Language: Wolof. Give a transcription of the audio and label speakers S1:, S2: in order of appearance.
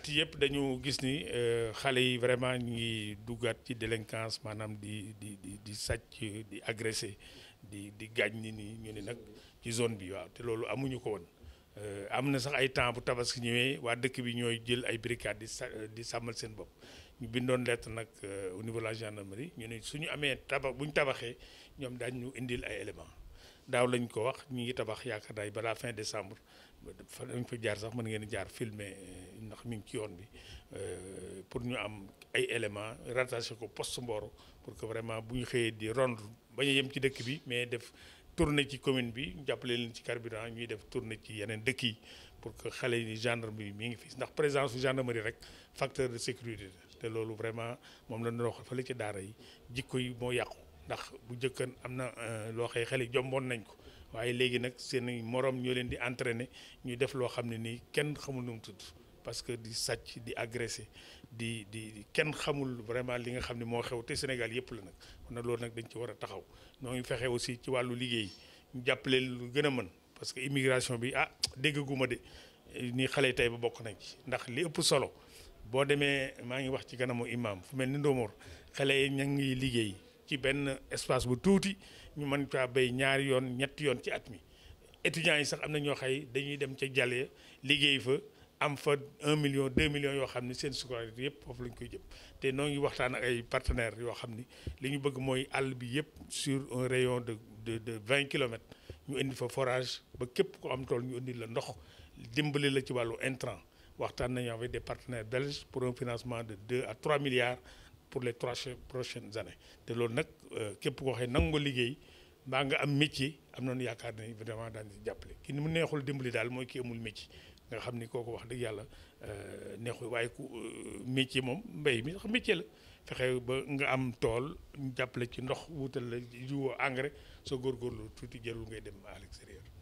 S1: at yëpp dañu gis ni euh, xale yi vraiment ñu ngi duggaat ci délinquance maanaam di di di di sàcc di agressé di di gaañ ni ni ñu ne nag ci zone bi waaw te loolu amuñu ko woon euh, am na sax ay temps bu tabaski ñëwee waa dëkk bi ñooy jël ay brigade di euh, di sàmmal seen bopp ñu bindoon lettre nag au niveau de la ñu ne suñu amee tabax bu tabaxee ñoom daañu ñu indil ay éléments daaw lañu ko wax ñu ngi tabax yaakaar naa balaa fin décembre fa dañ fa jaar sax mën ngeen jaar filmer eh, ndax mi ngi ci yoon bi euh, pour ñu am ay éléments rattaché ko post Mboro pour que vraiment bu ñu xëyee di rendre bañ a yem ci dëkk bi mais def tournée ci commune bi jàppale leen ci carburant ñuy def tournée ci yeneen dëkk yi pour que xale yi gendarme bi mi ngi fi ndax présence su gendarmerie rek facteur de sécurité te loolu vraiment moom la ñu wax fële ci daara yi jikko yi moo yàqu. ndax bu njëkkan am na euh, loo xëy xel yi jomboon nañ ko waaye léegi nag seeni morom ñoo leen di entraîner ñu def loo xam ne nii kenn xamul nu tudd parce que di sàcc di agressé di di kenn xamul vraiment li nga xam ne moo xew te Sénégal yëpp la nag kon nag loolu nag dañ ci war a taxaw ñoo ngi fexe aussi ci wàllu liggéey ñu jàppale lu gën a mën parce que immigration bi ah déggaguma de ni xale tey ba bokk nañ ci ndax li ëpp solo boo demee maa ngi wax ci kanamu imam fu mel ni Ndomor liggéey. ci benn espace bu tuuti ñu mën caa bay ñaari yoon ñetti yoon ci at mi étudiants yi sax am na ñoo xay dañuy dem ca jale liggéey fa am fa un million deux millions yoo xam ne seen scolarité yëpp foofu lañ koy jëm te noo ngi waxtaan ak ay partenaires yoo xam ni li ñu bëgg mooy àll bi yëpp sur un rayon de de de vingt kilomètres ñu indi fa forage ba képp ko am tool ñu indi la ndox dimbali la ci wàllu intrant waxtaan nañu am des partenaires belges pour financement de deux à trois pour les trois prochaines années te loolu nag euh, képp koo xam nangu nga liggéey mbaa nga am métier am nañu yaakaar na ne vraiment daan ci jàppale ki mu neexul dimbali daal mooy kii amul métier nga xam ni kooku wax dëgg yàlla euh, neexul waaye ku euh, métier moom mbay mi sax métier la fexee ba nga am tool jàppale ci ndox wutal la jiwoo engrais soo góorgóorlu tuuti jëlul ngay dem à